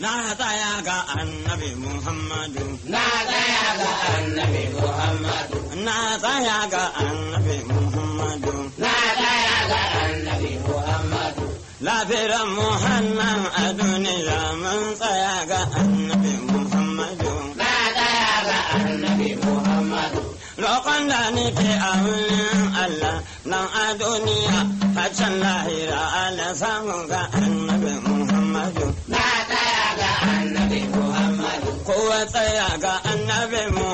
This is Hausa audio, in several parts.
Na tsaya ga annabi Muhammadu. Na tsaya ga annabi Muhammadu. Na tsaya ga annabi Muhammadu. Na tsaya ga annabi Muhammadu. Lafiyar Muhammadu a duniya mun tsaya ga annabi Muhammadu. Na tsaya ga annabi Muhammadu. Lokon da nake a wurin Allah nan a duniya, a can lahira, Allah samun ga annabi.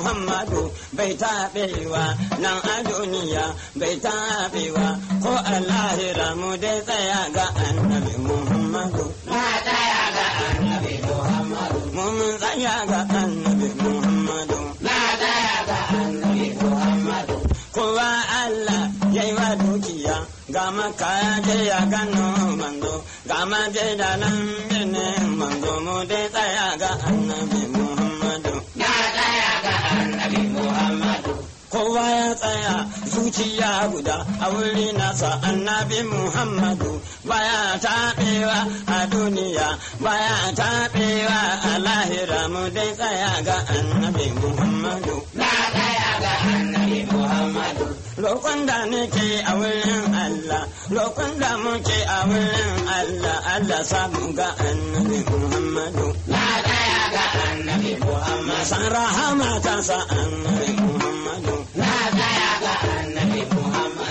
Muhammadu bai taɓewa nan a duniya bai taɓewa ko a lahira mu dai tsaya ga annabi Muhammadu. Na tsaya ga annabi Muhammadu. Mun tsaya ga annabi Muhammadu. Na tsaya ga annabi Muhammadu. Kowa Allah ya yi wa dukiya ga maka je ya gano manzo ga ma je da nan birnin mando mu dai tsaya ga annabi Muhammadu. zuciya guda a wuri nasa annabi muhammadu baya taɓewa a duniya baya taɓewa a lahira mu dai tsaya ga annabi muhammadu ga muhammadu lokun da nake a wurin allah lokun da muke a wurin allah allah samu ga annabi muhammadu na ya ga annabi muhammadu san rahama ta sa annabi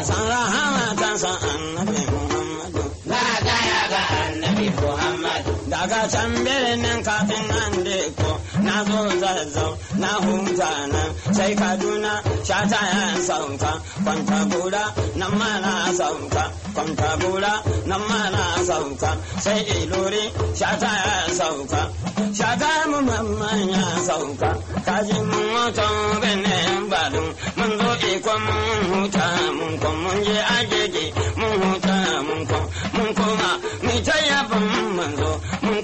san rahama ta san annabi Muhammadu. Za a gaya ga annabi Muhammadu. Daga can birnin kafin nan ko na zo zazzau na hunta nan sai Kaduna shata ya sauka kwanta gura nan ma na sauka kwanta gura nan ma na sauka sai ilori shata ya sauka shata mu mamman ya sauka kaji mun wato bene balu mun zo ikon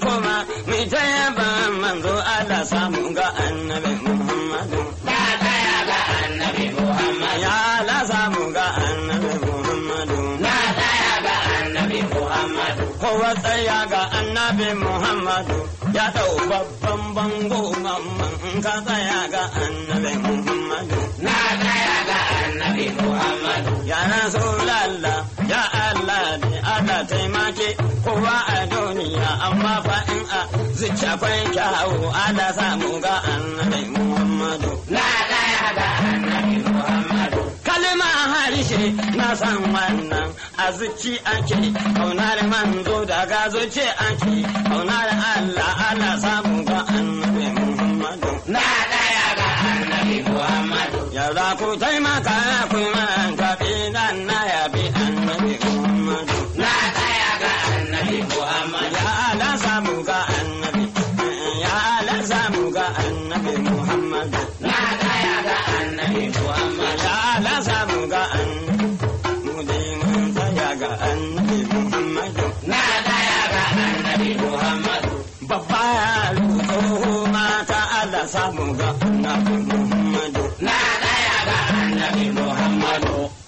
mun koma mu ta yaba manzo Allah samu ga annabi Muhammadu da tsaya ga annabi Muhammadu ya Allah samu ga annabi Muhammadu na tsaya ga annabi Muhammadu wa tsaya ga annabi Muhammadu ya dau babban bango mamman ka tsaya ga annabi Muhammadu na amma fa in a zuci akwai kyawu ala samu ga annabi Muhammadu. Na ɗaya ga annabi Muhammadu. Kalima harshe na san wannan a zuci ake kaunar manzo daga zuci ake kaunar Allah samu ga annabi Muhammadu. Na ɗaya ga annabi Muhammadu. Yarda ku taimaka Muhammadu. Na gaya ga annabi Muhammadu. Babba yaro tsoho mata Allah samu ga annabi Muhammadu. Na